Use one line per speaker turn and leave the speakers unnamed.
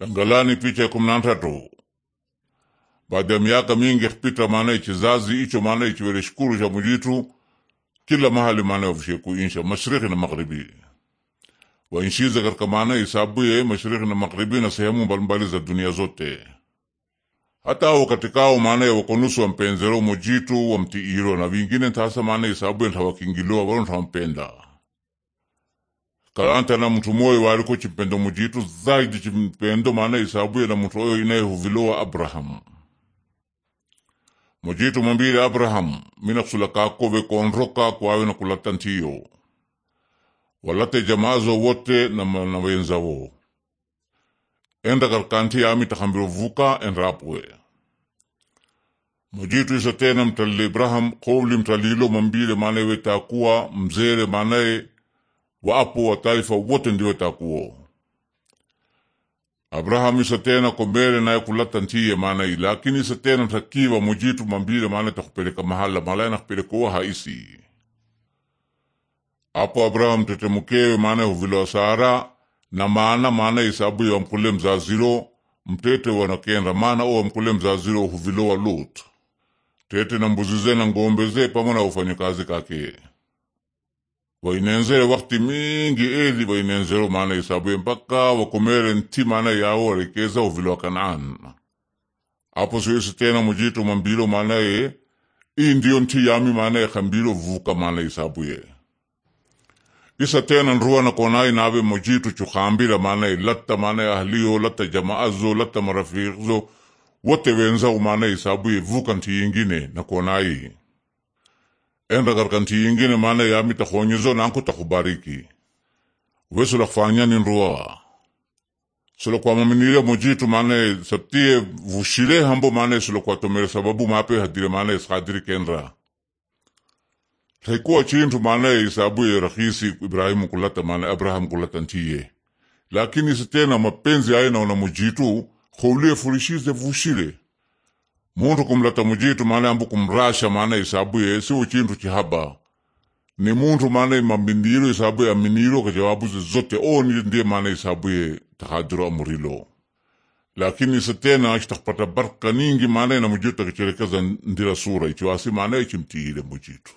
angalani picha ya kumi na ntatu baada ya miaka mingi kupita maana ichizazi hicho maana ichiwele shukuru cha mujitu kila mahali maana wavishie kuinsha mashariki na magharibi wainshize katika maana isabuye mashariki na magharibi na sehemu mbalimbali za dunia zote hata ao katikao maana ya wakonusu wampenzero mujitu wamtiiro na vingine tasa maana isabuye ntawakingiliwa walo ntawampenda na mtu moyo waliko chipendo mujitu zaidi chipendo maana isabuye na mtu oyo inayehuvilowa Abrahamu mujitu mwambile Abrahamu minakusula kakove konroka kwawe na kulata ntiyo walate jamazo wote na, na wenzawo enda karkanti yami takambiro vuka enrapwe mujitu isa tena mtalile Ibrahamu kovli mtalilo mwambile maanaye wetakuwa mzere maanaye waapo wa taifa wote ndio takuo abrahamu isatena ko kombele naye kulata ntiye maana i lakini isatena takiwa mujitu mambile maana takupeleka mahala malaya nakupelekoa haisi apo abrahamu mukewe maana huviloa sara na maana maana isabu ya wamkule mzaziro mtete wanakenda maana o wamkule mzaziro huviloa lut tete na mbuzi ze na ngombe ze pamo na ufanyakazi kake wainenzere wakti mingi eli wainenzero maana isabuye mpaka wakomere nti maana yawo warekeza uvilo wa Kanaani apo siwesi tena mujito mambilo maana ye iyi ndiyo nti yami maana ye kambilo vuka maana isabuye isa tena nruwa na nakonai nave mujito chukambila maana ye lata maana ye ahliyo lata jamaazo latta marafikizo wote wenzao maana isabuye vuka nti yingine nakonai enda katika nchi yingine maana yami takhonyezo nanku takubariki wesula kufanya ni nruwa sulo kwa maminile mujitu maana saptie vushile hambo maana sulo kwa tomere sababu mape hadire maana iskadiri kenra taikuwa chintu maana isabu ya rakisi Ibrahimu kulata maana Abraham kulata ntiye lakini sitena mapenzi aina una mujitu khoulie furishize vushile muntu kumlata mujitu maana ambu kumrasha maana isabuye siwo chintu chihaba ni muntu maana mamindiro isabuye aminiro kwa jawabu zote o ndiye maana isabuye tahadiro amurilo lakini isa tena itakpata baraka ningi maana ina mujitu akicherekeza ndira sura ichiwasi maana ichimtihile mujitu